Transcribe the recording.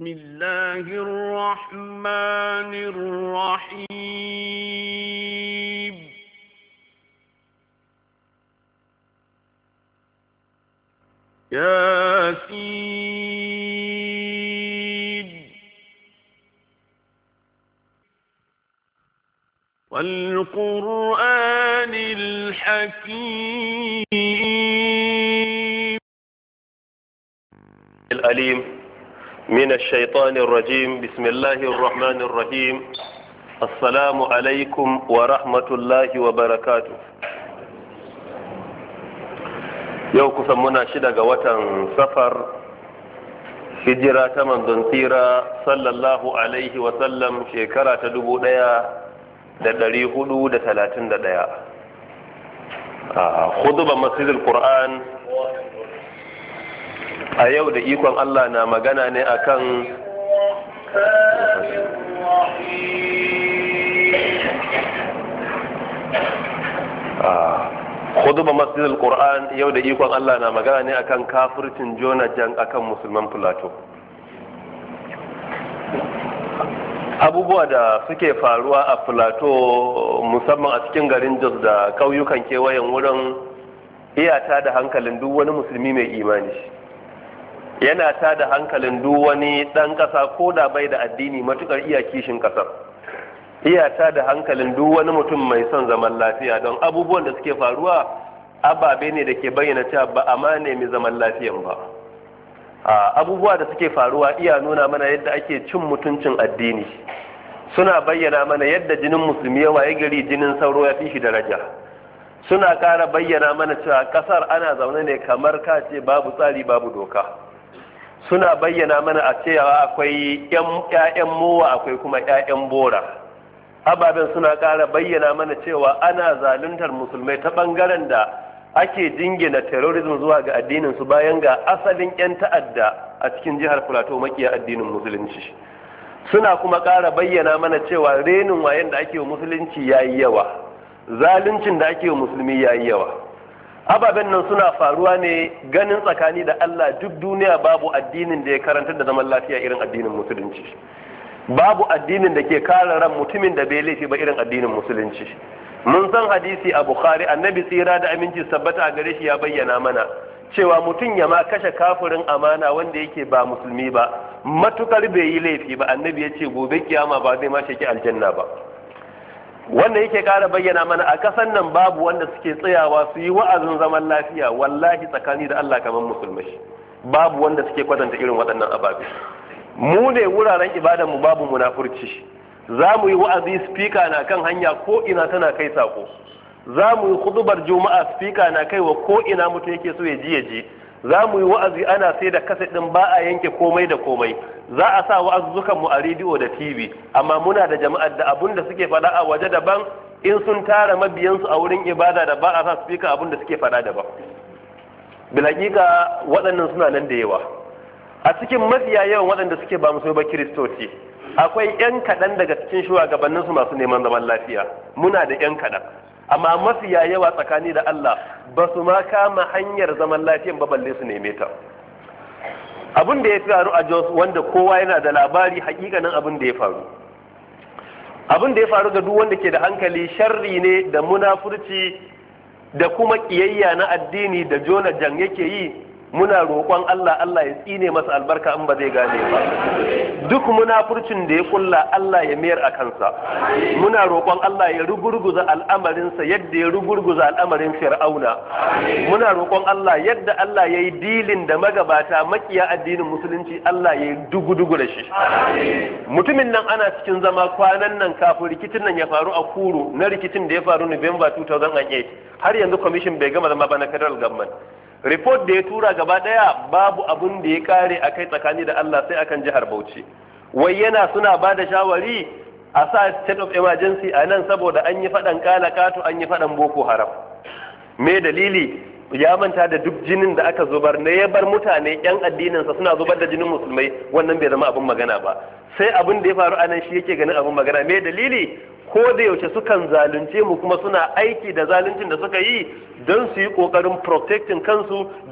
بسم الله الرحمن الرحيم يا سيد والقرآن الحكيم الأليم من الشيطان الرجيم بسم الله الرحمن الرحيم السلام عليكم ورحمة الله وبركاته yau kusan muna shida ga watan safar hijira ta manzon tsira sallallahu alaihi wasallam shekara ta dubu ɗaya da ɗari hudu da talatin da ɗaya a hudubar masjidul qur'an a yau da ikon Allah na magana ne akan ah, Kuduba masjidil ƙoran yau da ikon Allah na magana ne akan kafircin Jona Jan akan musulman filato Abubuwa da suke faruwa a filato musamman a cikin garin Jos da ƙauyukan kewayen wurin iyata da hankalin duk wani musulmi mai imani. yana ta da hankalin duk wani ɗan ƙasa ko da bai da addini matukar iya kishin ƙasar iya ta da hankalin duk wani mutum mai son zaman lafiya don abubuwan da suke faruwa ababe ne da ke bayyana cewa ba a ma nemi zaman lafiyan ba abubuwa da suke faruwa iya nuna mana yadda ake cin mutuncin addini suna bayyana mana yadda jinin musulmi yawa ya gari jinin sauro ya fi shi daraja suna ƙara bayyana mana cewa ƙasar ana zaune ne kamar kace babu tsari babu doka suna bayyana mana a cewa akwai ‘ya'yan mowa akwai kuma ‘ya'yan bora ababen suna ƙara bayyana mana cewa ana zaluntar musulmai ta ɓangaren da ake jingina terrorism zuwa ga addinin su bayan ga asalin 'yan ta'adda a cikin jihar plateau makiya addinin musulunci suna kuma ƙara bayyana mana cewa renin wayen da ake musulunci ya yi yawa zaluncin da ake musulmi ya yi yawa ababen nan suna faruwa ne ganin tsakani da Allah duk duniya babu addinin da ya karantar da zaman lafiya irin addinin musulunci babu addinin da ke kare ran mutumin da bai laifi ba irin addinin musulunci mun san hadisi a bukhari annabi tsira da aminci sabbata a gare shi ya bayyana mana cewa mutum ya ma kashe kafirin amana wanda yake ba musulmi ba matukar bai yi laifi ba annabi ya ce gobe kiyama ba zai ma shaki aljanna ba Wanda yake kara bayyana mana a kasan nan babu wanda suke tsayawa su yi wa'azin zaman lafiya wallahi tsakani da Allah kamar musulmai babu wanda suke kwatanta irin waɗannan ababe mu ne wuraren ibadar mu babu munafurci za mu yi wa'azi spika na kan hanya ko ina tana kai sako za mu yi hudubar juma'a spika na kai wa ko ina mutum yake so ya ji ya ji za mu yi wa'azi ana sai da kasa ɗin ba a yanke komai da komai za a sa wa'azuzzukan mu a rediyo da tv amma muna da jama'ar da abun da suke faɗa a waje daban in sun tara mabiyansu a wurin ibada da ba a sa spika abun da suke faɗa daban bilhaƙiƙa waɗannan suna nan da yawa a cikin mafiya yawan waɗanda suke ba musu ba kiristoci akwai 'yan kaɗan daga cikin shugabanninsu masu neman zaman lafiya muna da 'yan kaɗan amma mafi yawa tsakani da Allah ba su ma kama hanyar zaman lafiyan ba balle su neme ta abin da ya faru a Jos wanda kowa yana da labari hakikanin abin da ya faru abin da ya faru ga duk wanda ke da hankali sharri ne da munafurci da kuma kiyayya na addini da jona jan yake yi muna roƙon Allah Allah ya tsine masa albarka in ba zai gane ba duk munafurcin da ya kulla Allah ya mayar a kansa muna roƙon Allah ya rugurguza al'amarinsa yadda ya rugurguza al'amarin fir'auna muna roƙon Allah yadda Allah ya yi dilin da magabata makiya addinin musulunci Allah ya yi dugu da shi mutumin nan ana cikin zama kwanan nan kafin rikicin nan ya faru a Kuro na rikicin da ya faru November 2008 har yanzu kwamishin bai gama zama ba na federal government report da ya tura gaba daya babu abun da ya kare akai tsakani da Allah sai akan jihar Bauchi wai yana suna ba da shawari a sa state of emergency a nan saboda an yi faɗan kala kato an yi faɗan boko haram me dalili ya manta da duk jinin da aka zubar ne ya bar mutane yan addininsa suna zubar da jinin musulmai wannan bai zama abin magana ba sai abin da ya faru a nan shi yake ganin abin magana me dalili ko da yaushe sukan zalunce mu kuma suna aiki da zaluncin da suka yi don su yi kokarin protectin kansu da